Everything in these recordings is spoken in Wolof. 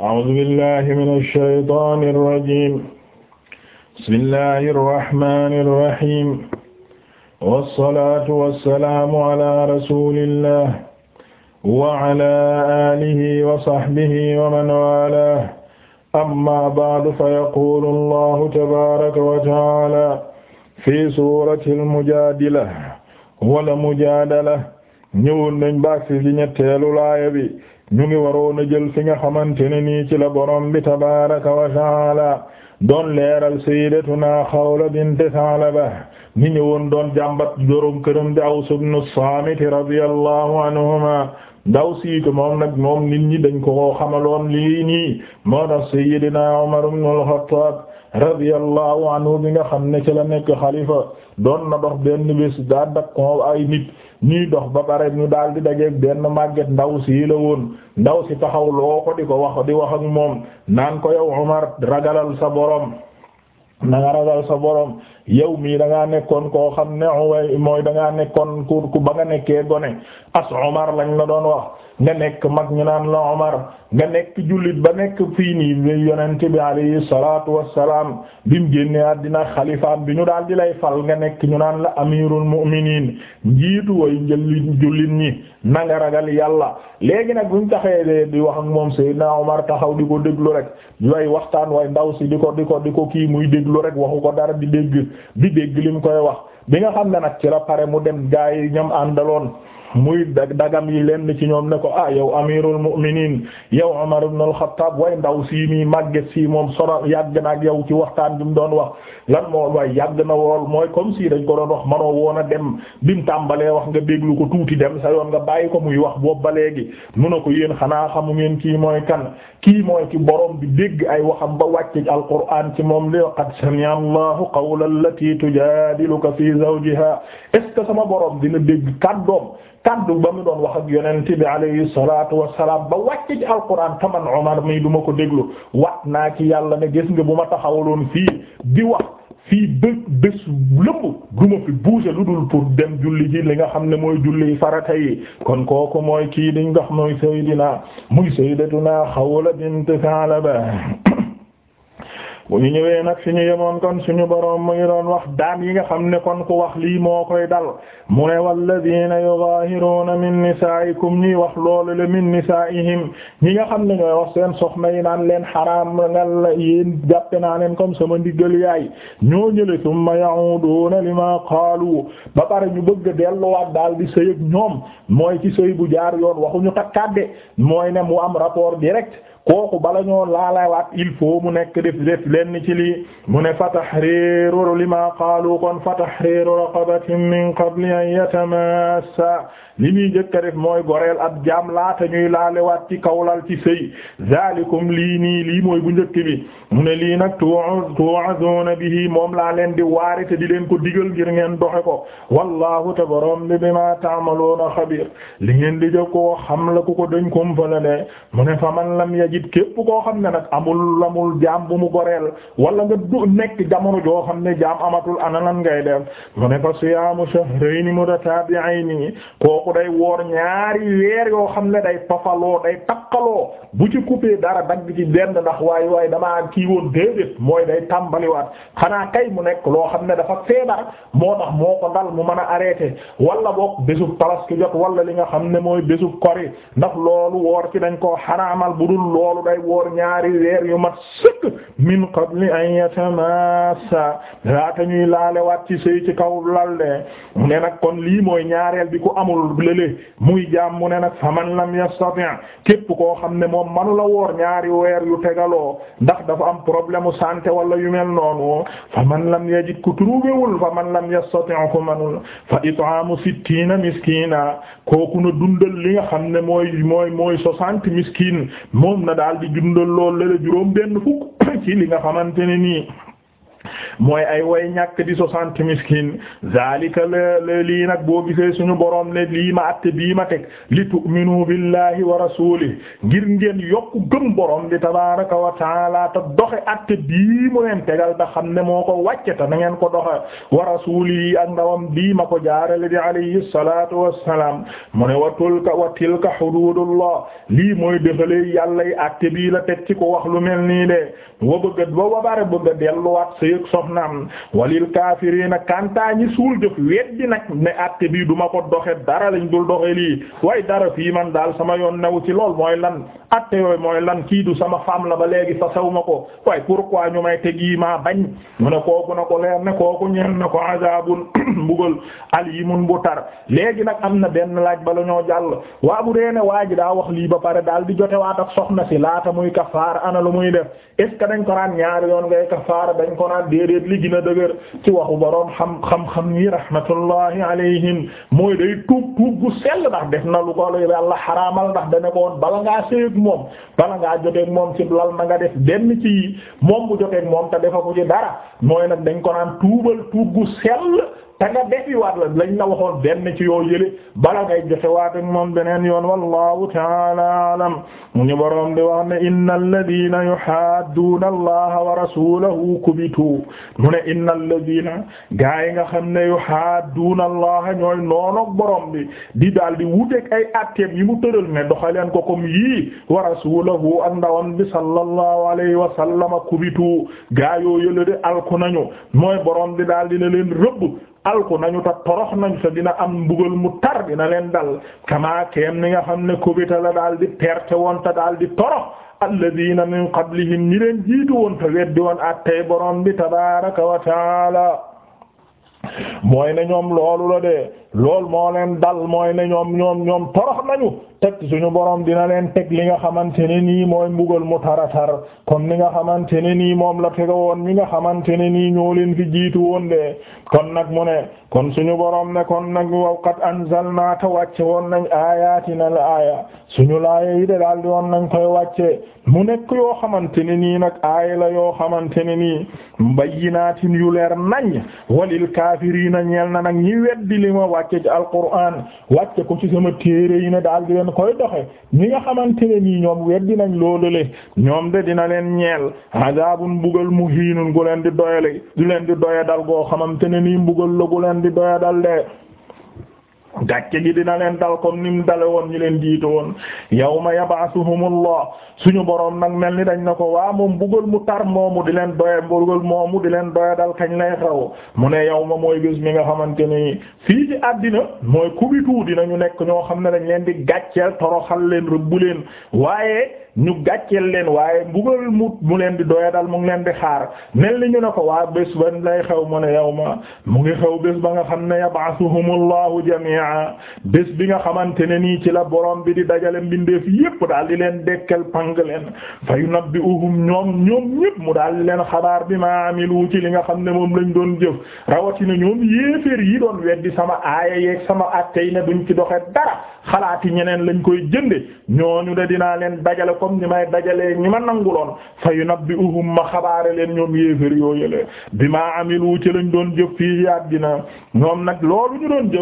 أعوذ بالله من الشيطان الرجيم بسم الله الرحمن الرحيم والصلاة والسلام على رسول الله وعلى آله وصحبه ومن والاه أما بعد فيقول الله تبارك وتعالى في سورة المجادلة wala mujadala ñëwoon nañ baag si ñetteelu laaya bi ñu ngi waroon a jël si nga xamante ne nii ci la borom bi tabaaraka wa taala leeral sayyidatuna Xawla bint Salaba ni ñëwoon doon jàmbat jorom këram di Aws ibn Saamit radiyallahu anhuma ndaw siito moom nag moom nit ñi dañ ko xamaloon lii nii moo tax Umar ibn al radiyallahu anhu bi nga xam ne ci la nekk xalifa doon na dox benn bés daa ko ay nit ñuy dox ba pare ñu daal di dajeeg benn màgget ndaw si la woon ndaw si taxaw loo ko di ko wax di wax ak moom naan ko yow Umar ragalal sa borom na nga ragal sa borom yow mii da ngaa nekkoon koo xam ne mooy da ngaa nekkoon ku ba nga nekkee gone as Omar lañ la doon wax nga nekk mag ñu naan la Omar nga nekk jullit ba nekk fii nii yonent bi alayhi salaatu wassalaam bi mu génnee àddina xalifaam bi ñu daal di lay fal nga nekk ñu naan la amirul mu'miniin njiitu way njëlli jullit ñi na nga ragal yàlla léegi nag buñ taxee di wax ak moom Seydina Omar taxaw di ko déglu rek way waxtaan way ndaw si di ko di ko di ko kii muy déglu rek waxu ko dara di dégg bi dégg li koy wax bi nga xam ne nag ci la pare mu dem gaa ñam ñoom àndaloon muy dag dagam yi lenn ci ñoom ne ko ah yow amirul mu'minin yow Umar ibn al-Khattab way ndaw sii mii màgget sii moom soro yàgg na ak yow ci waxtaan bi mu doon wax lan moo way yàgg na wool mooy comme si dañ ko doon wax manoo woon a dem bi tàmbalee wax nga déglu ko tuuti dem sa yoon nga bàyyi ko muy wax boobu ba léegi mu ne ko yéen xanaa xamu ngeen kii mooy kan kii mooy ki boroom bi dégg ay waxam ba wàcc alquran ci moom li qad sami'a Allahu qawla allati tujadiluka fi zawjiha est ce que sama borom dina dégg kàddoom kaddu ba mu doon wax ak yonent bi alayhi salaatu wassalaam ba wàcc ci alquran taman Umar mii du ko déglu wat naa ci yàlla ne gis nga bu ma taxawaloon fii di wax fii bë bés lëpp du ma fi bouger lu dul pour dem julli ji li nga xam ne mooy julli farata yi kon kooku mooy kii di nga xam mooy saydina muy sayyidatuna Xawla bint Saalaba bu ñu ñëwee nag suñu yemoon kon suñu boroom mu ngi doon wax daan yi nga xam ne kon ku wax lii moo koy dal mu ne walladina yuzahiruna min nisaikum ñuy wax loolu le min nisaihim ñi nga xam ne ñooy wax seen soxna yi naan leen xaraam ngal la yéen jàppe naa leen comme sama ndiggal yaay ñoo ñële summa ya'uduna lima qaalu ba pare ñu bëgg delluwaat daal di sëy ak ñoom mooy ci sëy bu jaar yoon waxuñu takkadde mooy ne mu am rapport direct kooku bala ñoo laalawaat il faut nekk lenn ci lii mu ne fa tahriru lima qaalu kon fa tahriru raqabatin min qabli an yatamassa li ñuy jëkk a def mooy goreel ab jaam laata ñuy laalewaat ci kawlal ci sëy zalikum lii nii lii mooy bu njëkk bi mu ne lii nag tu'azuna bihi moom laa leen di waare te di leen ko digal ngir ngeen doxe ko wallahu te borom bi bima ta'maluna xabir li ngeen di jëkk ko xam la ku ko dañ ko mu ne fa man lam yajid képp koo xam ne nag amul amul jaam bu mu goreel doyal wala nga du nekk jamono joo xam ne jaam amatul ana lan ngay def mu ne fa siyaamu shahrayni mutatabi'ayni kooku day woor ñaari weer yoo xam ne day fafaloo day takkaloo bu ci coupé dara dagg ci benn ndax waaye waaye damaa kii woon déedéet mooy day tàmbaliwaat xanaa kay mu nekk loo xam ne dafa feebar moo tax moo ko dal mu mën a arrêté wala boog bésub tabaski wala li nga xam ne mooy bésub kori ndax loolu woor ci dañ koo xaraamal bu dul loolu day woor ñaari weer yu mat sëkk min qabli an yatamassa laata ñuy laale waat ci sëy ci kaw lal de mu ne nag kon lii mooy ñaareel bi ku amul lële muy jaam mu ne nag faman lam yastati képp koo xam ne moom manu la woor ñaari weer yu tegaloo ndax dafa am problème mu santé wala yu mel noonu faman lam yajid ku trouvéwul faman lam yastati ku manul fa it'amu sittina miskina kooku na dundal li nga xam ne mooy mooy mooy soixante miskin moom na daal di dundal lool lële juróom benn fukk ci li nga xamante ne nii mooy ay way ñàkk di soixante miskin zalika la lii nag boo gisee sunu borom ne lii ma atte bii ma teg li tu'minu billahi wa rasulihi ngir ngeen yokk gëm borom bi tabaraka wa taala te doxe atte bii mu leen tegal te xam ne moo ko wàcce te na ngeen ko doxe wa rasulihi ak ndawam bii ma ko jaarale di alayhi salatu wassalam mu ne wa tulka wa mooy defalee yàllay atte bii la teg ci ko wax lu mel nii de wa bëgga ba ba bare bëgga delluwaat sëyëg sox soxnaam walil a kantaa ñi suul jëf weddi nag ne àtte bii duma ko doxe dara lañ dul doxe lii way dara fii man daal sama yoon new ci lool mooy lan àtte yooyu mooy lan kii du sama femme la ba léegi fa sew ma ko waaye pourquoi ñu may teg yi maa bañ mu ne kooku na ko leer ne kooku ñeen na ko azabun mbugal alimun bu tar léegi nag am na benn laaj bala ñoo jàll waa bu dee ne waa ji daa wax lii ba pare daal di jotewaat ak soxna si laata muy kafaara ana lu muy def déedéet li gën a dëgër ci waxu boroom xam xam-xam yi rahmatullahi alayhim mooy day tuub tuub gu sell ndax def na lu ko yàlla xaraamal ndax dana ko woon bala ngaa séyeg moom bala ngaa joteeg moom ci lal na nga def benn ci moom bu joteeg moom te defa ko ci dara mooy nag dañ ko naan tuubal tuub gu sell te defi waat la lañ la waxoon benn ci yoo yële bala ngay joxe waat ak moom beneen yoon wallahu ta'ala alam mu ñu boroom di wax ne innal ladina yuhaadduuna allaha wa rasulahu kubitu mu ne innal ladina gaa yi nga xam ne yuhaadduuna allaha ñooy noonoog borom bi di daal di wuteeg ay atteem yi mu tëral ne doxaleen ko comme yii wa rasulahu ak ndawam bi sallallahu alayhi wa sallama kubitu gaa yoo yële de alku nañu mooy boroom bi daal di leen rëbb alku nañu ta torox nañu ta dina am mbugal mu tar dina leen dal kamaa keem ni nga xam ne ta la daal di perte woon ta daal di torox alladina min qablihim ñi leen jiitu woon ta weddi woon attey borom bi tabaraka wa taala mooy ne ñoom loolu la de lool moo leen dal mooy ne ñoom ñoom ñoom torox nañu teg suñu borom dina leen teg li nga xamante ne nii mooy mbugal mu taratar kon ni nga xamante ne nii moom la tega woon mi nga xamante ne nii ñoo leen fi jiitu woon de kon nag mu ne kon suñu boroom ne kon nag waqad anzalna ta wàcce woon nañ ayatina la aaya suñu laaya yi de daal di woon nañ koy wàcce mu nekk yoo xamante ne nii nag aaya la yoo xamante ne nii mbayyinaatin yu leer nañ walil kaafiriina ñeel na nag ñi weddi li ma wàcce ci alquraan wàcce ko ci sama téere yi ne daal daan koy doxe ñi nga xamante ne nii ñoom weddi nañ loolu le ñoom de dina leen ñeel adabun mbugal muhiinun gu leen di doyale du leen di doya dal goo xamante ne nii mbugal la gu leen di doya dal de gàcce gi dina leen dal kon ni mu dale woon ñu leen jiitu woon yawma yab'athuhumullah suñu boroom nag mel ni dañ na ko waa moom bugal mu tar moomu di leen doye buggal moomu di leen doya dal kañ lay xaw mu ne yawma mooy bis mi nga xamante ni fii ci àddina mooy kubitu dinañu nekk ñoo xam ne dañ leen di gàcceel toroxal leen rëbbu leen waaye ñu gàcceel leen waaye mbugal mu mu leen di doya dal mu ngi leen di xaar mel ñu ne ko waa bés ban lay xew mu ne yawma mu ngi ba nga xam ne yab'athuhumullahu jami'an jami'a bés bi nga xamante ne nii ci la boroom bi di dajale mbindeef yépp daal di leen dekkel pang leen fa yunabbi'uhum ñoom ñoom ñépp mu daal di leen xabaar bi ma amilu ci li nga xam ne moom lañ doon jëf rawatina ñoom yéeféer yi doon weddi sama aaya yeeg sama atte yi ne duñ ci doxe dara xalaati ñeneen lañ koy jënde ñooñu de dinaa leen dajale comme ni may dajale ñi ma nanguloon fa yunabbi'uhum ma xabaare leen ñoom yéeféer yooyale bi ma amilu ci lañ doon jëf ñoom nag loolu ñu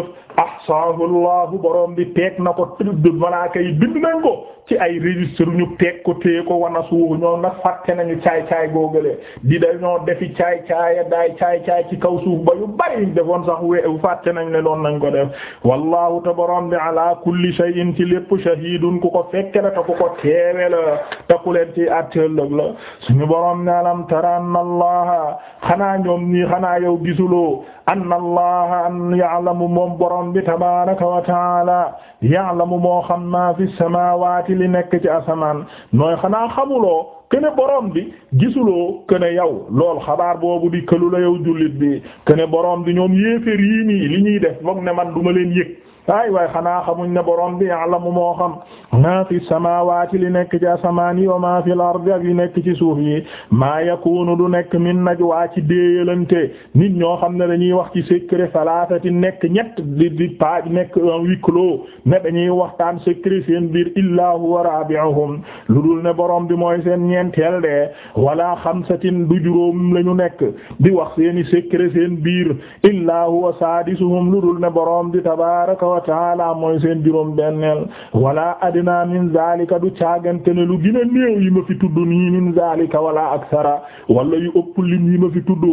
ahsaahu llahu borom bi teeg na ko tribde malaaka yi bind nañ ko ci ay registre ñu teg ko téye ko wana suufu ñoom nag fàtte nañu caay caay googale di dañoo defi caay caaya daay caay caay ci kaw suuf ba yu bari defoon sax we fàtte nañ ne doon nañ ko def wallahu tabaram bi ala kulli ci lépp shahidun ku ko fekke la te ku ko teewe la te ku leen ci àtteellëg la suñu borom ne alam tara anna allaha xanaa ñoom nii xanaa yow gisuloo anna allaha an ya'lamu moom borom bi tabaraka wa taala ya'lamu moo xam ma fi samawati li nekk ci asamaan nooy xanaa xamuloo kene borom bi gisuloo kene yow lool xabaar boobu di këlu la yow jullit bi kene borom bi ñoom yéeféer yii nii li ñuy def moom ne man duma leen yëg ay waay xanaa xamuñ ne borom bi ya'lamu moo xam maa fi samaawaati li nekk ci asamaan yi wa maa fil ardi ak nekk ci suuf yi maa yakunu du nekk min najwaa ci déeyalante nit ñoo xam ne dañuy wax ci secret salaasati nekk ñett di di paa nekk un huis clos ne dañuy waxtaan secret seen biir illaa huwa rabi'uhum lu ne borom bi mooy seen ñeenteel de wala xamsatin du juróom lañu nekk di wax seeni secret seen biir illa huwa saadisuhum lu ne borom bi tabaaraka wa taala mooy seen juróom benneel wala adna min du caagante ne lu gën a néew yi ma fi tudd ni min zalika wala aksara wala yu ëpp lim yi ma fi tudd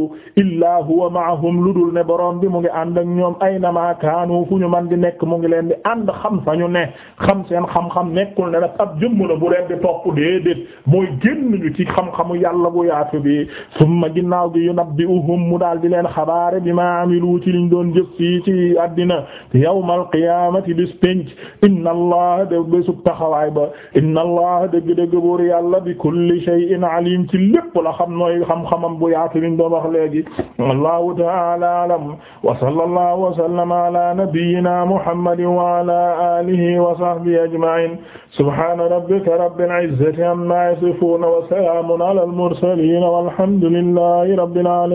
illaa huwa maahum lu dul ne boroom bi mu ngi ànd ak ñoom aynama kaanu fu ñu man di nekk mu ngi leen di ànd xam ñu ne xam seen xam-xam nekkul ne daf ab jëmm la bu leen di topp déedéet mooy génn ñu ci xam-xamu yàlla bu yaatu bi summa ginnaaw gi yunabbi'uhum mu daal di leen xabaare bi ma amilu ci liñ doon jëf ci àddina yawmal qiyamati bis pénc inna allah de bésub taxawaay ba inna allah dëgg-dëgg buur yàlla bi kulli shay'in alim ci lépp la xam nooy xam-xamam bu yaatu liñ doon wax léegi wallahu ta'ala alam wa sallallahu wa sallama ala nabiyyina muhammadin wa ala alihi wa sahbihi ajma'in subhana rabbika rabbil izzati amma yasifun wa salamun ala al mursalin walhamdulillahi rabbil alamin